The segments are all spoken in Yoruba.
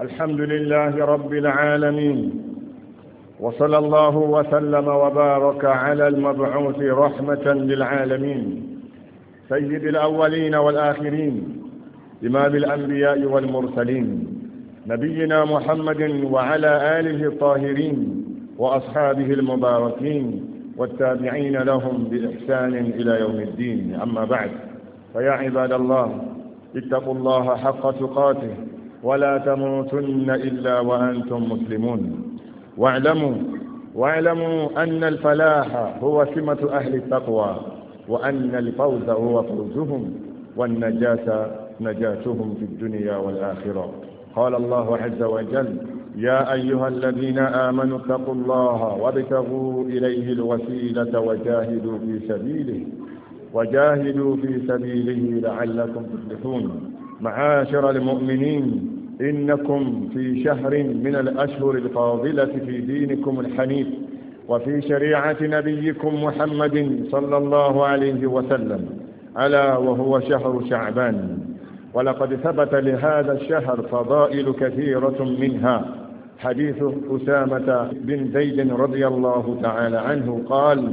الحمد لله رب العالمين وصلى الله وسلم وبارك على المبعوث رحمة للعالمين سيد الأولين والآخرين إمام الأنبياء والمرسلين نبينا محمد وعلى آله الطاهرين وأصحابه المباركين والتابعين لهم بإحسان إلى يوم الدين أما بعد فيا عباد الله اتقوا الله حق تقاته ولا تموتن إلا وأنتم مسلمون واعلموا واعلموا أن الفلاح هو سمة أهل التقوى وأن الفوز هو فوزهم والنجاة نجاتهم في الدنيا والآخرة قال الله عز وجل يا أيها الذين آمنوا اتقوا الله وابتغوا إليه الوسيلة وجاهدوا في سبيله وجاهدوا في سبيله لعلكم تفلحون معاشر المؤمنين إنكم في شهر من الأشهر الفاضلة في دينكم الحنيف وفي شريعة نبيكم محمد صلى الله عليه وسلم ألا وهو شهر شعبان ولقد ثبت لهذا الشهر فضائل كثيرة منها حديث أسامة بن زيد رضي الله تعالى عنه قال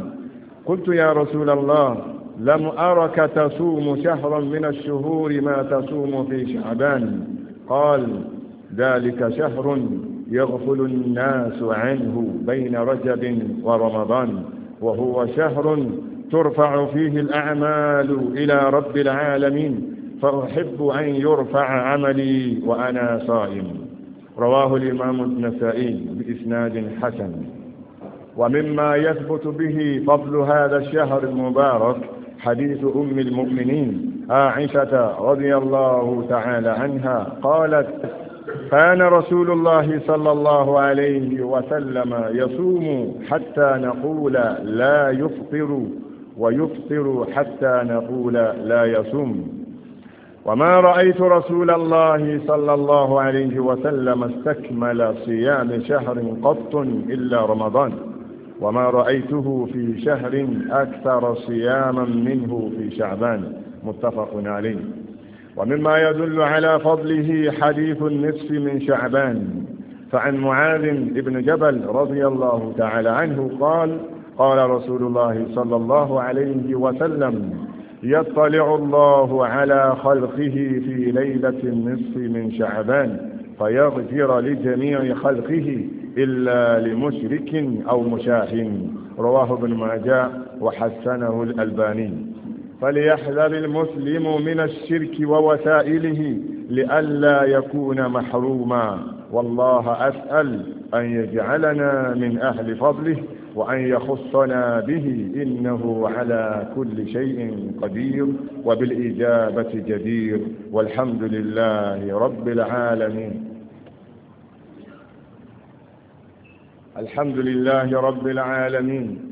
قلت يا رسول الله لم أرك تصوم شهرا من الشهور ما تصوم في شعبان قال ذلك شهر يغفل الناس عنه بين رجب ورمضان وهو شهر ترفع فيه الأعمال إلى رب العالمين فأحب أن يرفع عملي وأنا صائم رواه الإمام النسائي بإسناد حسن ومما يثبت به فضل هذا الشهر المبارك حديث أم المؤمنين عائشة رضي الله تعالى عنها قالت كان رسول الله صلى الله عليه وسلم يصوم حتى نقول لا يفطر ويفطر حتى نقول لا يصوم وما رأيت رسول الله صلى الله عليه وسلم استكمل صيام شهر قط إلا رمضان وما رأيته في شهر أكثر صياما منه في شعبان متفق عليه ومما يدل على فضله حديث النصف من شعبان فعن معاذ بن جبل رضي الله تعالى عنه قال قال رسول الله صلى الله عليه وسلم يطلع الله على خلقه في ليلة النصف من شعبان فيغفر لجميع خلقه إلا لمشرك أو مشاح رواه ابن ماجه وحسنه الألباني فليحذر المسلم من الشرك ووسائله لئلا يكون محروما والله أسأل أن يجعلنا من أهل فضله وأن يخصنا به إنه على كل شيء قدير وبالإجابة جدير والحمد لله رب العالمين الحمد لله رب العالمين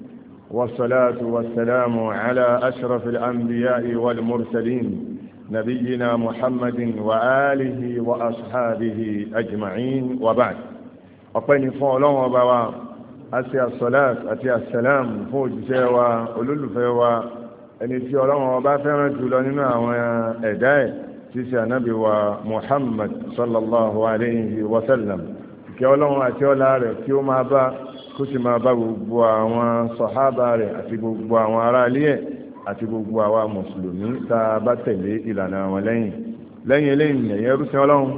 والصلاة والسلام على أشرف الأنبياء والمرسلين نبينا محمد وآله وأصحابه أجمعين وبعد أقين فعلان وبوا أتي الصلاة أتي السلام فوج سوا أولول فوا أن يتيولان وبافر جلاننا وإداء تسع نبي ومحمد صلى الله عليه وسلم كيولان أتيولار كيوما با kó sì máa bá gbogbo àwọn sọ̀hábà rẹ̀ àti gbogbo àwọn aráalé ẹ̀ àti gbogbo àwa mùsùlùmí tá a bá tẹ̀lé ìlànà àwọn lẹ́yìn lẹ́yìn eléyìn ẹ̀yẹ rúṣin ọlọ́run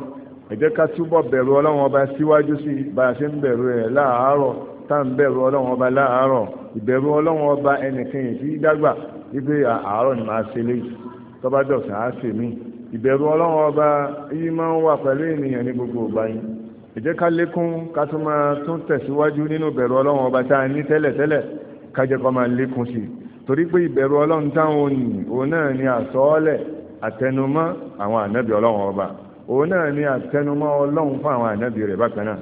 ẹ jẹ́ ká túbọ̀ bẹ̀rù ọlọ́run ọba síwájú sí bá a ṣe ń bẹ̀rù ẹ̀ láàárọ̀ tá à ń bẹ̀rù ọlọ́run ọba láàárọ̀ ìbẹ̀rù ọlọ́run ọba ẹnìkan sí dágbà wípé àárọ̀ ni màá ṣe léyìí tọ́ba á ṣe ìbẹ̀rù ọlọ́run ọba yìí máa ń wà pẹ̀lú ènìyàn ní gbogbo ìgbà yìí ìjẹ́ ká lékún ká tún máa tún tẹ̀síwájú nínú ìbẹ̀rù ọlọ́run ọba tá a ní tẹ́lẹ̀tẹ́lẹ̀ ká máa lékún sí torí pé ìbẹ̀rù ọlọ́run táwọn òní òun náà ni àsọọ́lẹ̀ àtẹnumọ́ àwọn ànábì ọlọ́run ọba òun náà ni àtẹnumọ́ ọlọ́run fún àwọn ànábì rẹ̀ bákan náà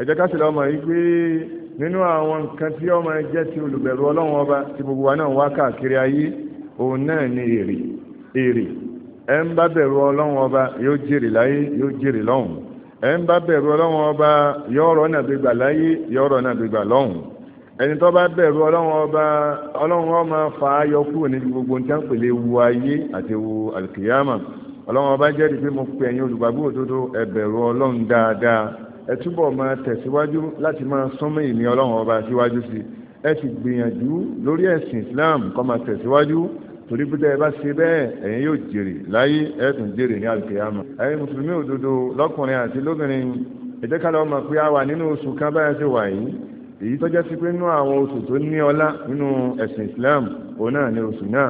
ẹ jẹ́ ká sì lọ́mọ yìí pé nínú àwọn nǹkan tí ọmọ jẹ́ ti olùbẹ̀rù ọlọ́run ọba tí gbogbo wa náà wá káàkiri ayé òun náà ni èrè èrè ẹ ń bá bẹ̀rù ọlọ́run ọba yóò jèrè láyé yóò jèrè lọ́hùn-ún ẹ ń bá bẹ̀rù ọlọ́run ọba yọ̀ọ̀rọ̀ náà bí gbà láyé yọ̀ọ̀rọ̀ náà bí gbà lọ́hùn ẹni tó bá bẹ̀rù ọlọ́run ọba ọlọ́run ọmọ fà á yọ kúrò níbi gbogbo ní tán pèlè wu ayé àti wu àlùkìyàmà ọlọ́run ọba jẹ́rìí pé mo pe ẹ̀yin olùgbàgbọ́ òdodo ẹ ọlọ́run dáadáa ẹ túbọ̀ Islam kó máa tẹ̀síwájú torí pé tẹ́ ẹ bá ṣe bẹ́ẹ̀ ẹ̀yin yóò jèrè láyé ẹ tún jèrè ní àlùkìyàmọ̀ ẹ̀yin mùsùlùmí òdodo lọ́kùnrin àti lóbìnrin ẹ jẹ́ ká lọ mọ̀ pé a wà nínú oṣù kan báyà ṣe wà yìí èyí tó jẹ́ sí pé nínú àwọn oṣù tó ní ọlá nínú ẹ̀sìn Islam òun náà ní oṣù náà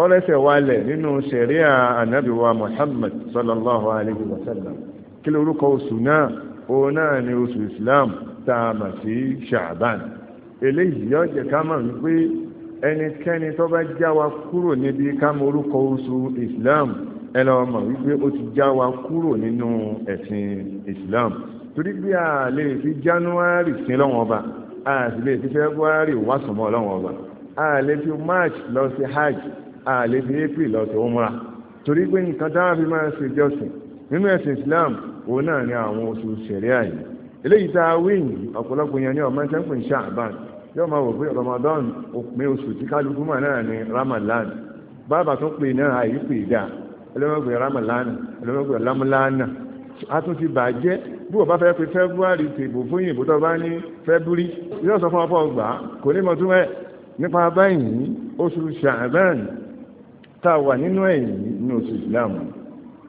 ó rẹ́sẹ̀ wálẹ̀ nínú sẹ̀ríà ànábìwá Muhammad sallallahu alayhi wa sallam kí lórúkọ oṣù náà òun náà ní oṣù Islam tá sí Sha'ban eléyìí yóò jẹ́ ká mọ̀ wípé ẹnikẹ́ni tó bá já wa kúrò níbi ká oṣù Islam ẹ lọ mọ̀ wípé ó ti já kúrò nínú ẹ̀sìn Islam torí bí a lè fi January sin lọ́wọ́n ọba a sì lè fi February wá sọ̀mọ́ lọ́wọ́n ọba a lè fi March lọ sí hajj a lè fi April lọ sí umra torí pé nǹkan táwọn fi máa ṣe jọ́sìn nínú ẹ̀sìn Islam òun náà ni àwọn oṣù ṣẹ̀ríà yìí eléyìí tá a wí yìí ọ̀pọ̀lọpọ̀ yẹn ní ọmọ ẹ̀sẹ̀ ń pè ní ṣáàbàn yóò máa wò pé Ramadan òpin oṣù tí kálukú mà náà ni Ramadan bàbá tó pè náà àyè pè dà ẹlẹ́mọ̀gbẹ̀ Ramadan ẹlẹ́mọ̀gbẹ̀ lamulana a tún ti bàjẹ́ bí wọ́n bá fẹ́ pe February tèbò fún yìnbó tó bá ní February yóò sọ fún ọ̀pọ̀ ọgbà kò ní mọ̀ tún ẹ̀ nípa báyìí oṣù Sha'ban tá a wà nínú ẹ̀yìn nínú oṣù Ìsìlámù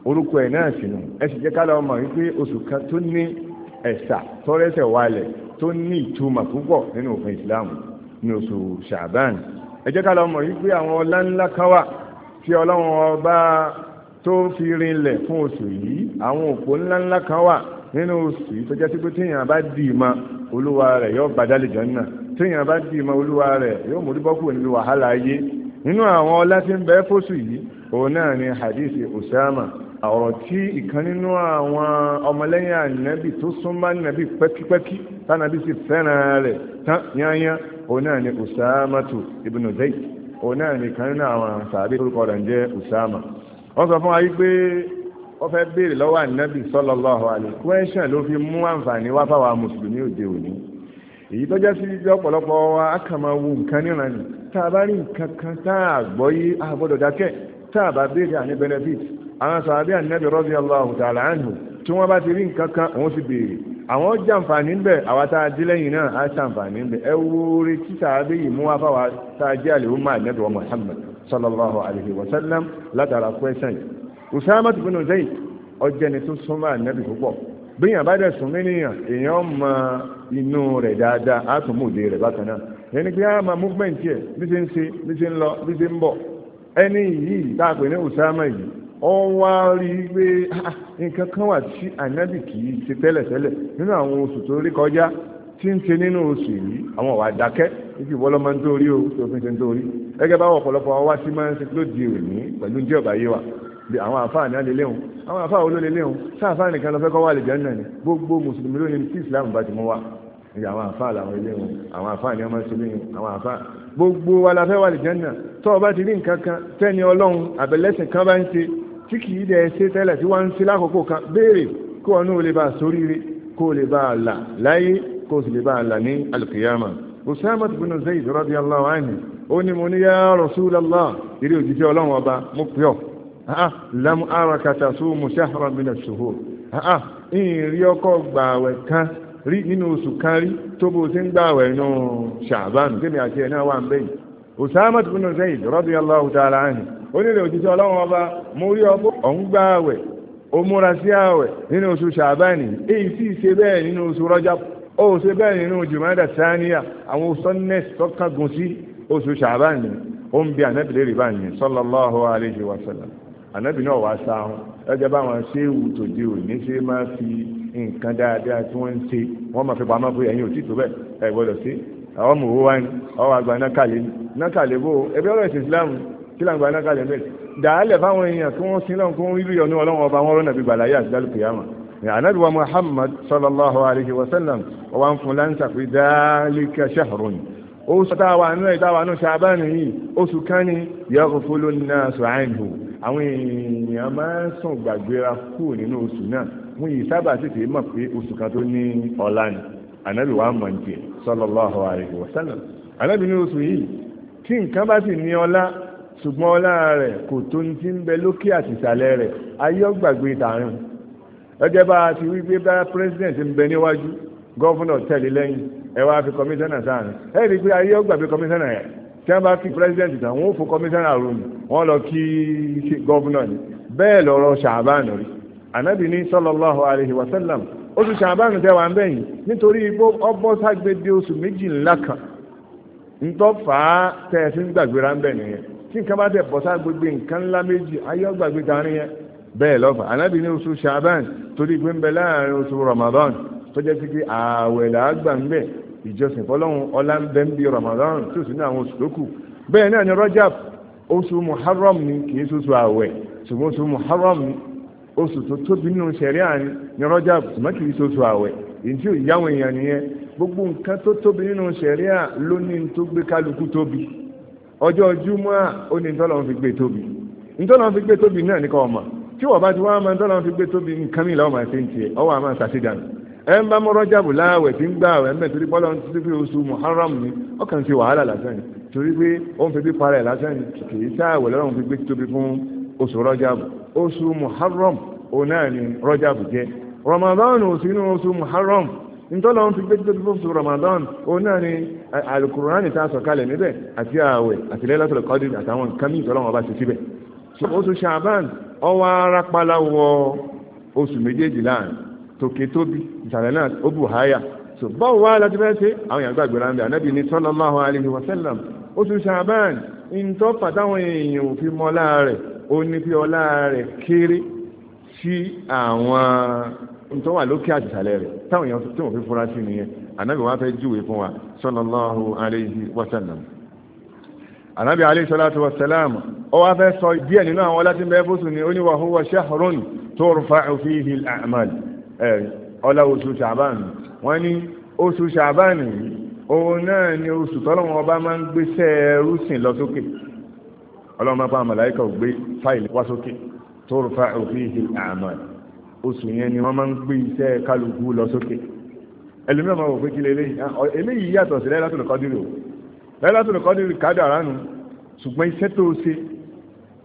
orúkọ ẹ̀ náà sínú ẹ sì jẹ́ ká lọ́ọ́ mọ̀ wípé oṣù kan tó ní ẹ̀sà tọ́rẹ́sẹ̀ wálẹ̀ tó ní ìtumọ̀ púpọ̀ nínú òfin Islam ní oṣù Ṣàbán ẹ jẹ́ ká lọ mọ̀ wípé àwọn ọlá ńlá kan wà tí Ọlọ́run ọba tó fi rinlẹ̀ fún oṣù yìí àwọn òpó ńlá ńlá kan wà nínú oṣù yìí tó jẹ́ sí pé téèyàn bá dì olúwa rẹ̀ yóò bàdá lè jọ́nà téèyàn bá dì olúwa rẹ̀ yóò mórí bọ́kù nínú wàhálà ayé nínú àwọn ọlá tí ń bẹ fóṣù yìí òun náà ni hadith Usama ọ̀rọ̀ tí ìkan nínú àwọn ọmọlẹ́yìn ànábì tó súnmọ́ ànábì pẹ́kípẹ́kí tánàbí sì fẹ́ràn rẹ̀ tán yányá òun náà ni usamatu ibn zayd òun náà ni kan nínú àwọn sàbí orúkọ rẹ̀ ń jẹ́ usama wọ́n sọ fún wa wípé wọ́n fẹ́ béèrè lọ́wọ́ ànábì sallallahu alaihi kwẹ́ṣẹ̀ ló fi mú àǹfààní wá fáwa mùsùlùmí òde òní èyí tọ́já sí ibi ọ̀pọ̀lọpọ̀ wa á kà nǹkan níran ni tá a bá rí nǹkan kan tá a gbọ́ yé a gbọ́dọ̀ tá a bá béèrè àní benefit àwọn sàábí ànẹ́bì rọ́bí Allahu ta'ala anhu tí wọ́n bá ti rí nǹkan kan wọ́n sì béèrè àwọn jàǹfààní ń bẹ̀ àwa tá a dé lẹ́yìn náà á jàǹfààní ń bẹ̀ ẹ wo rí tí sàábí yìí mú wá fáwa tá a jẹ́ àlèwò máa ànẹ́bì wa Muhammad sallallahu alayhi wa sallam látara kwẹ́sàn yìí Usama bin Zayd ọjẹni tó súnmọ́ ànẹ́bì púpọ̀ bíyàn bá dẹ̀ sùn mí nìyàn èèyàn mọ inú rẹ̀ dáadáa á tún mú òde rẹ̀ bákan náà ẹni pé á máa múfẹ́ǹtì ẹ̀ bí ṣe ń ṣe bí ṣe ń lọ bí ṣe ń bọ̀ ẹni yìí tá a pè ní Usama yìí wọ́n wá rí i pé ah, nǹkan kan wà tí ànábì kì í ṣe tẹ́lẹ̀tẹ́lẹ̀ nínú àwọn oṣù tó rí kọjá tí ń ṣe nínú oṣù yìí àwọn ọ̀wà dákẹ́ ibi ìwọ́lọ́ máa ń tó o tó fi ń ṣe ń tó gẹ́gẹ́ báwọn ọ̀pọ̀lọpọ̀ wa wá sí máa ń ṣe lóde òní pẹ̀lú jẹ́ ọ̀bà yé wa bí àwọn àfáà náà lélẹ̀ hùn àwọn àfáà wo ló lélẹ̀ hùn sáàfáà nìkan lọ fẹ́ kọ́ wà lè jẹun náà ni gbogbo mùsùlùmí lónìí tí ìsìlámù bá ti mú wa ìyá àwọn àfáà làwọn ilé wọn àwọn àfáà ni wọ́n máa ń ṣe àwọn àfáà gbogbo wa la fẹ́ wà lè jẹun náà tọ́ ọ bá ti rí nǹkan kan tẹ́ni ọlọ́run àbẹ̀lẹ́sìn kan bá ń ṣe tí kìí dẹ̀ ṣe tẹ́lẹ̀ tí wọ́n ń ṣe lákòókò kan béèrè kó ọ̀nà ò lè bá sóríire kó lè bá àlà láyé kó sì lè bá àlà ní alkiyama Usama bin Zayd radiyallahu anhu ó ní mo ní yá Rasulullah eré òjíṣẹ́ ọlọ́run ọba mo pè ọ́ lam araka tasumu shahran min ash-shuhur ìrìn ọkọ̀ gbààwẹ̀ kan rí nínú oṣù kan rí tó bó ti ń gbààwẹ̀ nù Sha'ban tèmi àti ẹ̀ náà wà ń bẹ́yìn Usama bin Zayd radiyallahu ta'ala anhu ó nílò òjíṣẹ́ ọlọ́run ọba mo rí ọkọ ọ̀hún gbá àwẹ̀ ó múra sí àwẹ̀ nínú oṣù ṣàbáàní èyí sì ṣe bẹ́ẹ̀ nínú oṣù rọ́jà ó ṣe bẹ́ẹ̀ nínú jùmọ́dà sáníyà àwọn sọ́nẹ́sì tọ́kàgùn sí oṣù ṣàbáàní ó ń bi ànábì rí báyìí sallallahu alayhi wa sallam ànábì náà wàá sáhùn ẹjẹ báwọn ṣéwù tòde òní ṣe máa fi nǹkan dáadáa tí wọ́n ń ṣe wọ́n máa fi pamọ́ pé ẹ̀yin ò bẹ́ẹ̀ ẹ̀ gbọ́dọ̀ sí àwọn mòwó wá ní ọwọ́ àgbà nákàlẹ́ nákàlẹ́ bó ẹbí ọ̀rọ̀ ìsìn Islam kí làǹgbà náà kalẹ̀ mẹ́rin dàálẹ̀ fáwọn èèyàn kí wọ́n sílọ̀ kí wọ́n rí rí ọ̀nà ọlọ́run ọba wọn rọ́nà bí gbàláyà àti dálùkì yàmà ànábì wa muhammad sallallahu alayhi wa sallam ọba ń fún láǹsà pé dhalika shahrun oṣù táwa nínú ìtawà nínú ṣàbánì yìí oṣù kan ní yaghfulu an-nasu anhu àwọn èèyàn máa ń sùn gbàgbéra kú nínú oṣù náà wọ́n yìí sábà tètè mọ̀ pé oṣù kan tó ní ọ̀la ni ànábì wa sallallahu alayhi wa sallam ní oṣù yìí tí nǹkan bá sì ní ọlá ṣùgbọ́n ọlá rẹ̀ kò tó ní ti ń bẹ lókè àti rẹ̀ ayé ọgbàgbé tààrin bá a ti wípé bá pírẹsidẹ̀ntì ń bẹ níwájú gọ́fúnà tẹ̀lé lẹ́yìn ẹ fi kọmíṣánná sáàrin ẹ tí wọ́n bá fi pírẹsidẹ̀ntì tàn wọ́n fún kọmíṣánná rúmi wọ́n lọ kí gọ́fúnà ni bẹ́ẹ̀ lọ́rọ̀ ṣàbánu rí ànábì ní oṣù ṣàbánu ń nítorí ọbọ̀ oṣù kan tẹ́ ẹ tí nǹkan bá dẹ̀ bọ́ sáà gbogbo nǹkan ńlá méjì ayé ọgbàgbé tarin yẹn bẹ́ẹ̀ lọ́fà anábì ní oṣù shaban torí pé ń bẹ láàrin oṣù ramadan tó jẹ́ sí pé ààwẹ̀ làágbà ń bẹ̀ ìjọsìn fọlọ́run ọlá ń bẹ ń bi ramadan tó sì ní àwọn oṣù tó kù bẹ́ẹ̀ náà ni rajab oṣù muharram ni kì í ṣoṣù ààwẹ̀ ṣùgbọ́n oṣù muharram oṣù tó tóbi nínú ṣẹ̀ríà ni rajab ṣùgbọ́n kì í ṣoṣù ààwẹ̀ èyí tí ò yáwọn èèyàn nìyẹn gbogbo nǹkan tó tóbi nínú ṣẹ̀ríà ló tó gbé kálukú tóbi ọjọ́ júmọ́ ó ní tọ́lọ́ fi gbé tóbi ntọ́lọ́ fi gbé tóbi náà ní kọ́ ọmọ tí wọ́n bá ti wá máa tọ́lọ́ fi gbé tóbi nǹkan mi làwọn máa ṣe ń tiẹ̀ ọwọ́ àmà ṣàṣìdánù ẹ ń bá mọ́rọ́ jábù láàwẹ̀ tí ń gbà àwẹ̀ ń bẹ̀ torí bọ́lá ń títí pé oṣù Muharram ni ọkàn ti wàhálà lásán ni torí pé ó ń fi bí para ẹ̀ lásán ni kì í sáàwẹ̀ lọ́rùn fi gbé tóbi fún oṣù Rọ́jàbù oṣù Muharram òun náà ni Rọ́jàbù jẹ́ Ramadan oṣù inú oṣù Muharram ntọ́lọ́ ń fi gbé tóbi fún oṣù Ramadan òun náà ni alukurani tá a sọ kalẹ̀ níbẹ̀ àti ààwẹ̀ àti lẹ́lẹ́tọ̀lẹ̀ kọ́dí àtàwọn nǹkan mí ìtọ́lọ́wọ́n bá ṣe síbẹ̀ so oṣù shaban ọwọ́ ara pálá wọ oṣù méjèèjì láàrin tòkè tóbi ìsàlẹ̀ náà ó bù háyà so báwo wá láti fẹ́ ṣe àwọn èèyàn gbàgbé ráńbẹ ànábì ní sallallahu alaihi wasallam oṣù shaban ìǹtọ́ pàtàwọn èèyàn ò fi mọ́ láàrẹ̀ ó ní fi ọlá rẹ̀ kéré sí àwọn ìǹtọ́ wà lókè àtìsàlẹ̀ rẹ̀ táwọn èèyàn tí wọ́n fi fura sí nìyẹn ànábì wọn fẹ́ júwe fún wa sallallahu alayhi wa sallam ànábì alayhi salatu wa salam ó wá fẹ́ sọ díẹ̀ nínú àwọn ọlá tí ń bẹ fóṣù ni ó ní wa huwa shahrun turfa'u fihi al-a'mal ọlá oṣù ṣàbánu wọ́n ní oṣù ṣàbánu òun náà ni oṣù tọ́lọ́wọ́n ọba máa ń gbé sẹ́ẹ̀rú sìn lọ sókè ọlọ́run máa bá màláìkà ò gbé fáìlì wá sókè turfa'u fihi al-a'mal oṣù yẹn ni wọ́n máa ń gbé iṣẹ́ kálukú lọ sókè ẹlòmí ọmọ òfin kí lélẹ́yìn ah, eléyìí yàtọ̀ sí lẹ́lá tó lè kọ́dúrì o lẹ́lá tó lè kọ́dúrì kádàrá nù ṣùgbọ́n iṣẹ́ tó ṣe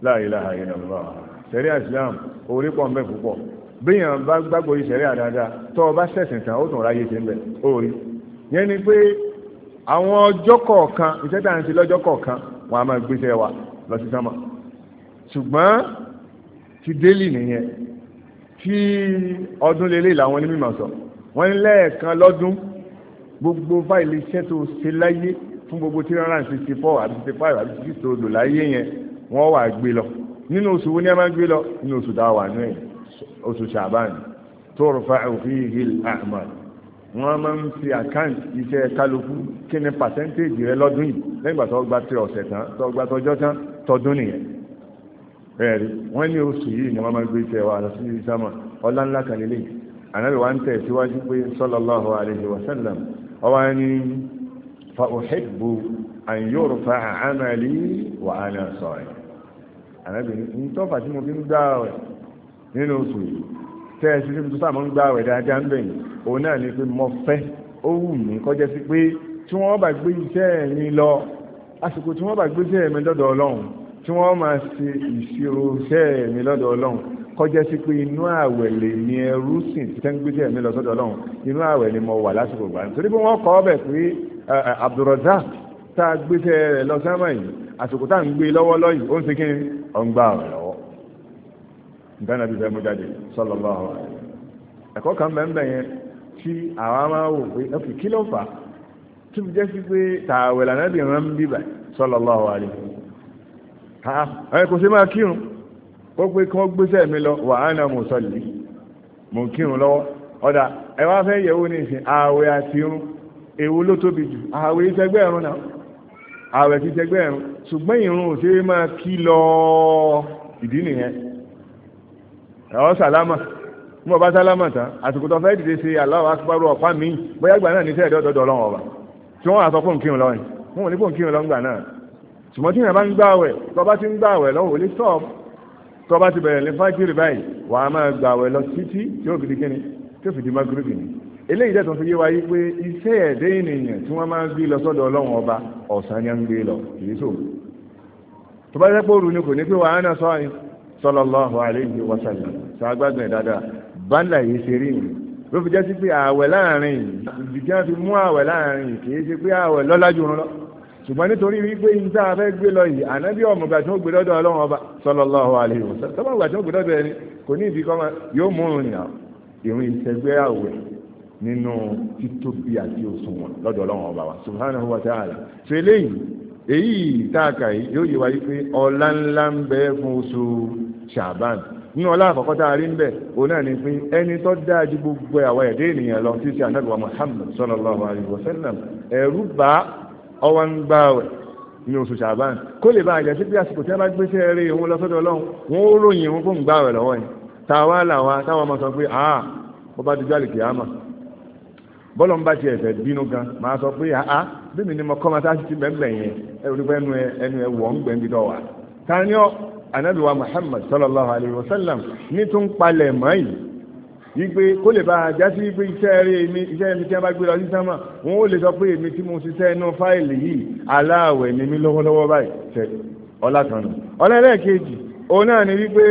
la ilaha illallah sẹ́rí àìsílámù orí pọ̀ ń bẹ púpọ̀ béèyàn bá gbàgbọ́ yìí sẹ́rí àdáadáa tó o bá ṣẹ̀sìn tán ó tún ráyè ṣe ń bẹ̀ orí yẹn ni pé àwọn ọjọ́ kọ̀ọ̀kan iṣẹ́ tá à ń ṣe lọ́jọ́ kọ̀ọ̀kan wọn a máa gbéṣẹ́ wa lọ sí sánmà ṣùgbọ́n ti délì nìyẹn tí ọdún lélẹ́yìn làwọn onímọ̀ sọ wọ́n ní lẹ́ẹ̀kan lọ́dún gbogbo fáìlì iṣẹ́ tó ṣe láyé fún gbogbo tí rárá ṣe ṣe fọ́ àti ṣe fáìlì àti ṣe tó lò láyé yẹn wọ́n wà gbé lọ nínú oṣù wo ni a máa gbé lọ nínú oṣù tá a wà nú ẹ̀ oṣù ṣàbáàní tó rọ̀fà òfin ìhìl àmàl wọ́n máa ń fi àkáǹtì iṣẹ́ kálukú kí ni pàṣẹ́ntéèjì rẹ lọ́dún yìí lẹ́yìn ìgbà tó gba tẹ ọ̀sẹ̀ tán tó gba tọjọ́ tán tọdún nìyẹn ẹ̀rí wọ́n ní oṣù yìí ni wọ́n máa gbé iṣẹ́ wa lọ sí sámà ọlá ńlá kan lélẹ́yìn anábì wa ń tẹ̀síwájú pé sallallahu alayhi wa sallam ọwá ní fa uhibbu an yurfa amali wa ana sa'im anábì ní tọ́fà tí mo fi ń gbààwẹ̀ nínú oṣù yìí tẹ́ẹ̀sí tí mo tó sáà mọ́ ń gbààwẹ̀ dáadáa ń bẹ̀yìn òun náà ni pé mo fẹ́ ó wù mí kọjá sí pé tí wọ́n bá gbé iṣẹ́ mi lọ àsìkò tí wọ́n bá gbé iṣẹ́ mi lọ́dọ̀ ọlọ́run tí wọ́n máa ṣe ìṣirò iṣẹ́ mi lọ́dọ̀ ọlọ́run kọjá sí pé inú àwẹ̀ lè ní ẹrú sìn tí tẹ́ńgbẹ́jẹ́ mi lọ sọ́dọ̀ ọlọ́run inú àwẹ̀ ni mo wà lásìkò gbà nítorí pé wọ́n kọ́ ọbẹ̀ pé Abdulrazak tá a gbéṣẹ́ rẹ̀ lọ sámà yìí àsìkò tá à ń gbé lọ́wọ́ lọ́yìn ó ń ṣe kí ni ọ̀ǹgbà àwẹ̀ lọ́wọ́ nǹkan náà fẹ́ mú jáde sallallahu alaihi ẹ̀kọ́ kan bẹ́ẹ̀ yẹn tí àwa máa wò pé ọkì kí ló fà tí mo jẹ́ sí pé tààwẹ̀ lànà sallallahu alaihi ha ẹ̀ kò ó pé kí wọ́n gbéṣẹ́ mi lọ wà á nà mò sọ̀lì mò lọ́wọ́ ọ̀dà fẹ́ yẹ̀wò ní ìsìn ààwẹ̀ àti irun èwo ló tóbi jù ààwẹ̀ ìṣẹ́gbẹ́ ẹ̀rún náà ààwẹ̀ ti ṣẹgbẹ́ ẹ̀rún ṣùgbọ́n ìrun ò ṣe máa kí lọ mi bóyá gbà náà ọlọ́run tí wọ́n ṣùgbọ́n tó bá ti bẹ̀rẹ̀ lé fájìrì báyìí wà á máa gbà wẹ̀ lọ títí tí ó fi di kíni tí ó fi di magrebi eléyìí dẹ̀ fi yé wa yí pé iṣẹ́ ẹ̀dẹ́ ènìyàn tí wọ́n máa ń gbé lọ sọ́dọ̀ ọlọ́run ọba ọ̀sán ni a ń gbé lọ kìí sòrò tó bá jẹ́ pé òru ni kò ní pé wà á náà sọ àyìn sallallahu alayhi wa sallam ṣàgbàgbẹ̀ dáadáa bánlá yìí ṣe rí ni ló fi jẹ́ sí pé ààwẹ̀ láàrin ìdí tí wọ́n fi mú ààwẹ̀ láàrin kìí ṣe pé ààwẹ̀ lọ́lájú ṣùgbọ́n nítorí wípé ìta afẹ́ gbé lọ yìí ànábì ọmọ ìgbà tí wọ́n gbé lọ́dọ̀ ọlọ́run ọba sallallahu alaihi wasallam tọ́ba ìgbà tí wọ́n gbé lọ́dọ̀ ẹni kò ní ìdí kọ́mọ yóò mú ìrìn àwọn ìrìn ìṣẹ́gbẹ́ àwẹ̀ nínú títóbi àti òṣùwọ̀n lọ́dọ̀ ọlọ́run ọba wa subhanahu wa ta'ala ṣe eléyìí èyí táàkà yìí yóò yẹ wáyé pé ọlá ńlá ń bẹ fún oṣù ṣàbán nínú ọlá àkọ́kọ́ tá a rí ń bẹ̀ òun náà ni pé ẹni tó dáa ju gbogbo àwọn ẹ̀dẹ́ ènìyàn lọ sí ti ànábì wa Muhammad sallallahu alaihi wasallam ẹ̀rú bá ọwọ́ ń gbààwẹ̀ ní oṣù ṣàbán kó lè bá àjẹ́ sí pé àsìkò tí a bá gbé sí eré òun lọ sọ́dọ̀ ọlọ́run wọn ó ròyìn òun fún gbààwẹ̀ lọ́wọ́ yìí tàwa làwa táwọn ọmọ sọ pé àá bó bá dojú àlèkè àmà bọ́lọ̀ ń bá tiẹ̀ fẹ́ bínú gan máa sọ pé àá bí mi ni mo kọ́ ma sáà ti bẹ́ẹ̀ yẹn ẹ rí ẹnu ẹ ẹnu ẹ ń gbẹ̀ Muhammad sallallahu alayhi wa sallam ní wípé kó lè bá a já sí wípé iṣẹ́ rí èmi iṣẹ́ mi tí wọ́n bá gbé lọ sí sánmà wọn ó lè sọ pé èmi tí mo ṣiṣẹ́ inú fáìlì yìí aláàwẹ̀ ni mí lọ́wọ́lọ́wọ́ báyìí ṣe ọlá kan òun náà ni wípé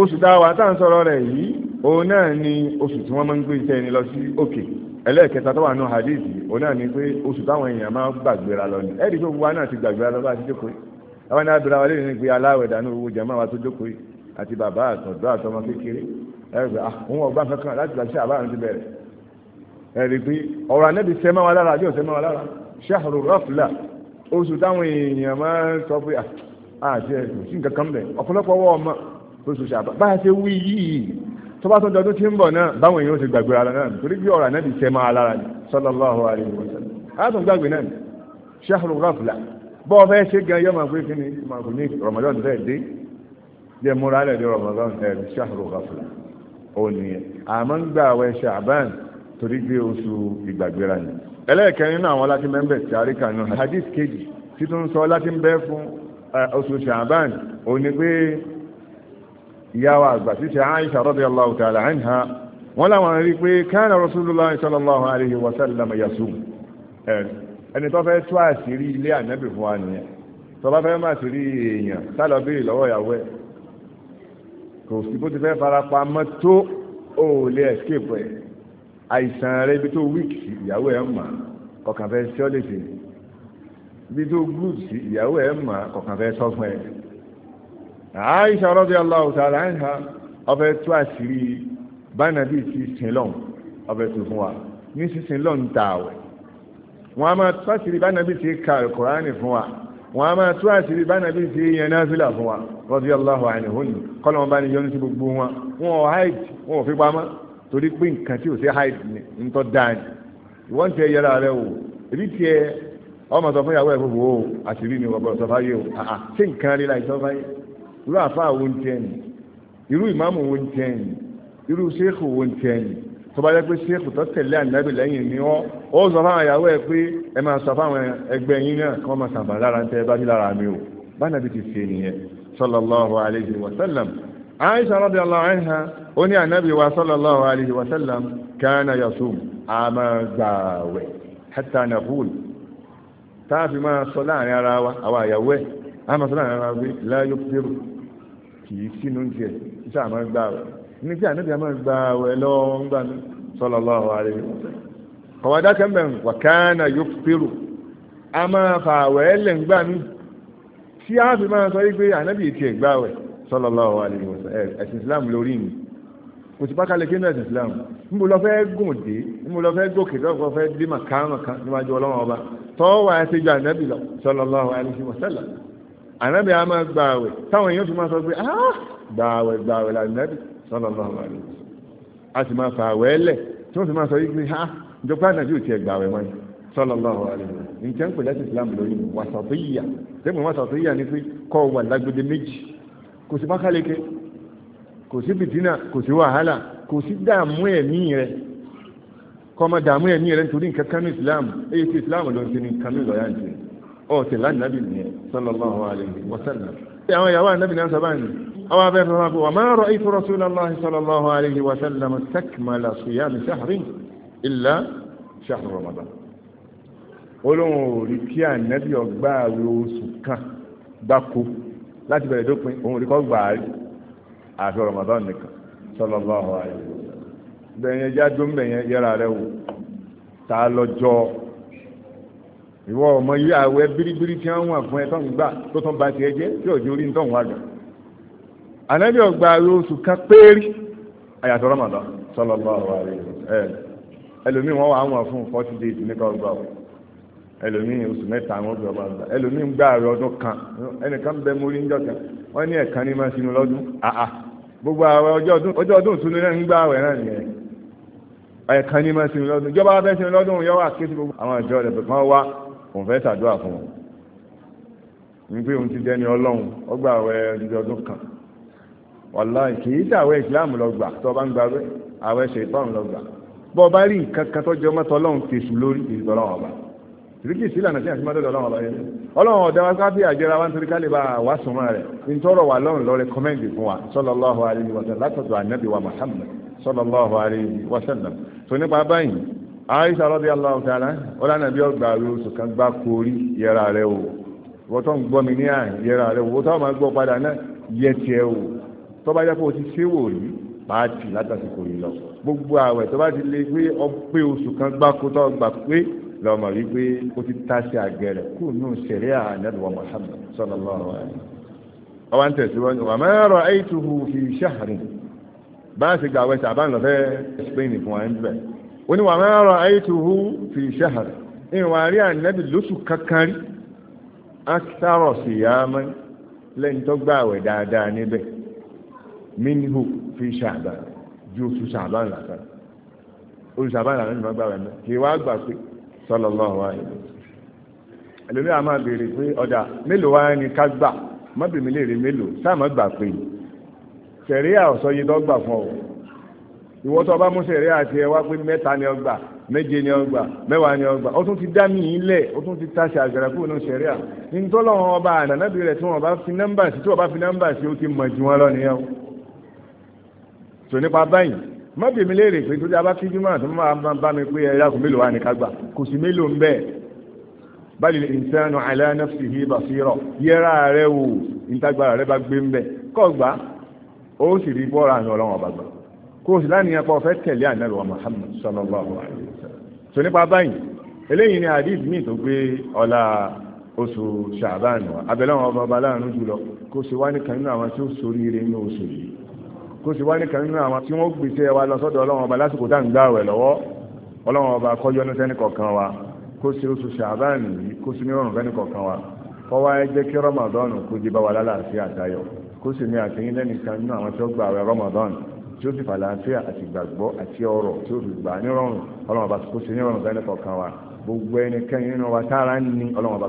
oṣù táwa tá à ń sọ̀rọ̀ rẹ̀ yìí òun náà ni oṣù tí wọ́n máa ń gbé iṣẹ́ ẹni lọ sí òkè ẹlẹ́ẹ̀kẹta tó wà nù hadithi òun náà ni pé oṣù táwọn èèyàn máa gbàgbéra lọ ni ẹ̀ẹ́dì tó wà náà ti gbàgbéra lọ bá a ti jókòó yìí àwọn ẹni abẹ́rẹ́ wa lè ní pé aláwẹ̀ dànù owó jẹ̀mọ́ wa tó jókòó àti bàbá àtọ̀dọ́ àtọmọ kékeré ẹgbẹ́ àwọn ah, ọgbà kankan láti gbà sí àbáyọ̀ ti bẹ̀rẹ̀ ẹ̀rí pé ọ̀rọ̀ anẹ́bí sẹ́mọ́ wa lára àbí ọ̀sẹ́mọ́ wa lára ṣáàrù rọ́fìlà oṣù táwọn èèyàn máa ń sọ pé àti ah, ẹ̀sùn sí nǹkan kan bẹ̀ ọ̀pọ̀lọpọ̀ wọ́ ọmọ oṣù ṣàbá bá a ṣe wí yìí tó bá tó dọdún tí ń bọ̀ náà báwọn èèyàn ó ti gbàgbé ara náà torí bí ọ̀rọ̀ anẹ́bí sẹ́mọ́ wa lára sallallahu alaihi wasallam àtún gbàgbé náà ṣáàrù ni màkùnrin rọmọdọ́n tẹ̀ dé onu àmọ́ ń gbà àwẹ̀ ṣàbán torí gbé oṣù ìgbàgbéra ni ẹlẹ́ẹ̀kẹ́ nínú àwọn láti mẹ́mbẹ̀ tí a rí hadith kejì tí sọ láti ń bẹ́ fún oṣù ṣàbán òun ni pé ìyàwó àgbà títí Aisha radiyallahu ta'ala anha wọ́n láwọn rí pé kana Rasulullah sallallahu alaihi wa ẹni tó fẹ́ tó àṣírí ilé fún wa nìyẹn tó bá fẹ́ èèyàn sálọ kò sí bó ti fẹ́ farapa tó o ò lè escape ẹ̀ àìsàn rẹ ibi tó weak sí ìyàwó ẹ̀ mà kọ̀kan fẹ́ sí lè sè ibi tó good sí ìyàwó ẹ̀ mà kọ̀kan fẹ́ sọ fún ẹ̀. Àìṣà radiyallahu ta'ala anha ọfẹ́ tó àṣírí bánàbí ti sin lọ́n ọfẹ́ tó fún wa ní sísin lọ́n ta àwẹ̀ wọ́n a máa tó àṣírí bánàbí ti ka Kùránì fún wa wọ́n a máa tú àṣírí bá nàbí sí yẹn náà sílà fún wa rọ́bí aláhu àìníhùn kọ́lọ̀ wọn bá ní yọnu sí gbogbo wọn wọn ò hide wọn ò fi pamọ́ torí pé nǹkan tí ò sí hide ni ń tọ́ dáa ni ìwọ́n tiẹ̀ yẹra rẹ o èmi tiẹ̀ ọmọ sọ fún ìyàwó ẹ̀ fòfò o àṣírí ni wọ́n bọ̀rọ̀ sọ fáyé o àà ṣé nǹkan rí láì sọ fáyé irú àfáà wo tiẹ̀ ni irú ìmáàmù wo tiẹ̀ ni irú ṣéèkù wo tiẹ̀ ni tó bá yẹ pé ṣéèkù tó tẹ̀lé ànábì lẹ́yìn ni wọ́n ó sọ fáwọn ìyàwó ẹ pé ẹ máa sọ fáwọn ẹgbẹ́ yín náà kí wọ́n máa sàǹfà lára ń tẹ́ bá sí lára mi o bánàbí ti ṣe nìyẹn sallallahu alayhi wa sallam aisha radiyallahu anha ó ní ànábì wa sallallahu alayhi wa sallam kana yasum a máa gbààwẹ̀ hatta naqul táàfin máa sọ láàrin ara wa àwọn àyàwó ẹ̀ a sọ láàrin ara wa pé la yuftiru kì í sínú jẹ ní kí àníbi àmọ́ gba àwẹ̀ lọ ń gbà mí sallallahu alaihi ọ̀wọ́ dákẹ́ mbẹ̀ wa kana yuftiru a máa fa àwẹ̀ ẹlẹ̀ ń gbà mí tí a fi máa sọ wípé ànábì ètí ẹ̀ gbà àwẹ̀ sallallahu alaihi ẹ̀sìn Islam lórí mi kò sí pákálẹ̀ kí ní ẹ̀sìn Islam níbo lọ fẹ́ gùn dé níbo lọ fẹ́ gòkè lọ́kọ̀ fẹ́ dé màkàmà kan níwájú ọlọ́wọ́n ọba tọ́wọ́ àti ju ànábì lọ sallallahu alaihi wasallam ànábì a máa gbà àwẹ̀ táwọn èèyàn fi máa sọ pé gbà àwẹ̀ gbà àwẹ̀ làǹdàbì sallallahu alaihi wasallam a sì máa fà wẹ́lẹ̀ tí wọ́n sì máa sọ yí pé ha sallallahu alaihi wasallam nǹkan ń pè lẹ́sìn islam lórí wasatiyya tẹ́gbọ̀n wasatiyya ni pé kọ́ wà lágbede méjì kò sí pákáleke kò sí bìtínà kò sí wàhálà kò sí dààmú ẹ̀mí rẹ kọ́mọ dààmú ẹ̀mí rẹ islam èyí islam ló ń ti ní kánú lọ́yà ń ti ọ̀tẹ̀ lánàbì sallallahu alaihi wasallam àwọn ìyàwó ànábì náà sábà àwọn abẹ́rẹ́ máa bọ̀ wà máa rọ ìfọ̀ Rasulullahi sallallahu alayhi wa sallam takmala siyami shahrin illa shahru Ramadan olóhùn òrí kí ànábì ọgbà oṣù kan gbáko láti bẹ̀rẹ̀ dópin òun òrí kọ́ gbà Ramadan nìkan sallallahu alayhi bẹ́ẹ̀ yẹn jáde ń bẹ̀ yẹra rẹ wò tá a lọ jọ ìwọ ọmọ yìí àwẹ biribiri tí wọn wà fún ẹ tó ń gbà tó tún ba tiẹ̀ jẹ́ tí òjò orí ń tọ̀ wá gan ànábì ò gba àwẹ̀ oṣù kan péré àyàtọ̀ ramadan sallallahu alaihi ẹlòmíì wọn wà wọn fún forty days ní kọ́ gbà ẹlòmíì oṣù mẹ́ta àwọn ọba gbà ẹlòmíì ń kan ẹnìkan bẹ mórí kan ní ní máa sinú àà gbogbo ọdún ń gbà náà nìyẹn ní máa sinú ìjọba fẹ́ sinú yọ wà gbogbo àwọn àjọ wá wọn òun wàláì kì í dàwẹ́ ìsìláàmù lọ gbà tó bá ń gba rẹ̀ àwẹ́ ṣe ìtọ́run lọ gbà bọ́ bá rí nǹkan kan tó jọ mọ́tọ́ ọlọ́run tèṣù lórí ìtọ́lọ́run ọba tìríkì sí ìlànà tí a ti máa dọ́dọ̀ ọlọ́run ọba yẹn ọlọ́run ọ̀dà wa sábì àjẹra wa nítorí kálí bá wa súnmọ́ rẹ̀ nítorọ̀ wà lọ́run lọ rẹkọmẹ́ndì fún wa sallallahu alaihi wa sallam látọ̀dọ̀ ànábì wa Muhammad sallallahu alaihi wa wọ́n tó ń gbọ́ mi ní àyè yẹra rẹ o tó máa gbọ́ padà náà yẹ tiẹ̀ o tó bá yẹ́pọ̀ ti ṣé wò rí máa tì látàsìkò yìí lọ gbogbo àwẹ̀ tó bá ti lé pé ọpẹ́ oṣù kan gbáko tó gbà pé lọ́mọ rí pé ó ti tàṣẹ àgẹ̀rẹ̀ kù nù sẹ̀rẹ̀ ànádùwà Muhammad sallallahu alaihi wasallam ọwọ́ ń tẹ̀síwájú wa ma ra'aytuhu fi shahrin bá a ṣe gbà wẹ̀ sàbá fẹ́ spain fún wa ń bẹ̀ ó ní wa ma ra'aytuhu fi shahrin ìwà rí ànábì lóṣù kankan rí akitaro sì yá mọ́ lẹ́yìn tó gbà wẹ̀ dáadáa níbẹ̀ minhu fi ṣàbà ju oṣù ṣàbà lásán oṣù ṣàbà lásán ni wọ́n gbà wẹ̀ mọ́ kì í wá gbà pé sallallahu alaihi wasallam ẹlòmí àmà béèrè pé ọ̀dà mélòó wá ní ká gbà mọ́bìnrin lè rí mélòó sáàmà gbà pé sẹ̀ríà ọ̀sọ́ yìí dọ́gba fún ọ ìwọ tó bá mú sẹ̀ríà àti ẹ wá pé mẹ́ta ni ọgbà méje ni ọgbà mẹ́wàá ni ọgbà ó tún ti dá mi ilẹ̀ ó tún ti taṣà àgbàrá kúrò náà sẹ̀ríà ní tọ́lọ́wọ́n ọba ànánábì tí wọ́n bá fi nọ́mbà sí tí wọ́n bá fi nọ́mbà sí ó ti mọ̀ ju wọn lọ nìyẹn o tò nípa báyìí mọ́bì mi léèrè pé tó dá bá kíjú máa tó máa bá mi pé ẹ̀yà kò mélòó wà ní kágbà kò sí mélòó ń bẹ́ẹ̀ bali insanu ala nafsihi basira yẹra rẹ wò ìtagbára rẹ bá gbé ń bẹ kọ́ gbà ó sì rí bọ́ra àná ọlọ́run ọba gbà kó o sì lánìyàn pa ọ̀fẹ́ tẹ̀lé ànábì wa Muhammad sallallahu alaihi wasallam so nípa báyìí eléyìí ni hadith míì tó gbé ọlá oṣù Sha'ban wa abẹ́lẹ́wọ̀n ọba ọba láàánú jùlọ kó o wá ní kan nínú àwọn tí ó soríire ní oṣù yìí kó sì wá ní kan nínú àwọn tí wọ́n gbèsè wa lọ sọ́dọ̀ ọlọ́run ọba lásìkò tá à ń gbà wẹ̀ lọ́wọ́ ọlọ́run ọba kọjọ́ ní sẹ́ni kọ̀ọ̀kan wa kó sì oṣù ṣàbáàn yìí kó sì ní rọrùn fẹ́ni kọ̀ọ̀kan wa kọ́ wá ẹ jẹ́ kí rọmọdọ́nù kó di bá wa lálàáfíà àtayọ̀ kó sì ní àtẹ̀yìn lẹ́ni kan nínú àwọn tí ó gbà wẹ̀ rọmọdọ́nù tí ó sì fàlàáfíà àti ìgbàgbọ́ àti ọ̀rọ̀ tí ó fi gbà nírọ̀rùn ọlọ́run ọba kó sí ní ọlọ́run ọba kó wa gbogbo ẹnikẹ́ni nínú wa tára ń ní ọlọ́run ọba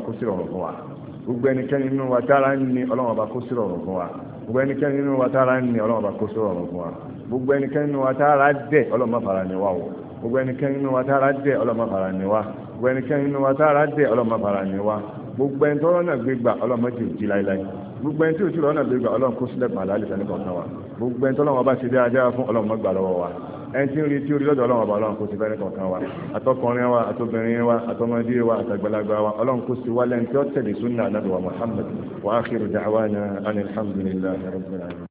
kó sí rọ̀rùn fún wa gbogbo ẹnikẹ́ni nínú wa tára ń ní ọlọ́run bá kó sọ̀rọ̀ ọ̀run fún wa gbogbo ẹnikẹ́ni nínú wa tára dẹ̀ ọlọ́run má fara ni wa o gbogbo ẹnikẹ́ni nínú wa tára dẹ̀ ọlọ́run fara ni wa gbogbo ẹnikẹ́ni nínú wa tára dẹ̀ ọlọ́run fara ni wa gbogbo ẹni tọ́rọ́ náà gbé gbà ọlọ́run ti jí láíláí gbogbo ẹni tí ò sí lọ́nà gbé gbà ọlọ́run kó sílẹ̀ pàdé àlè sẹ́ni kọ̀ọ̀kan wa gbogbo ẹni tọ́lọ́run ọba ṣe dáadáa fún ọlọ́run mọ́gbà lọ́wọ́ wa ẹni tí ń rí tí ó rí lọ́dọ̀ ọlọ́run kó ti fẹ́ni wa àtọkùnrin wa àtọbìnrin wa àtọmọdé wa àtàgbàlagbà wa ọlọ́run kó sì wálẹ̀ ní tí ó tẹ̀lé sunna anabi wa Muhammad wa akhiru da'wana anil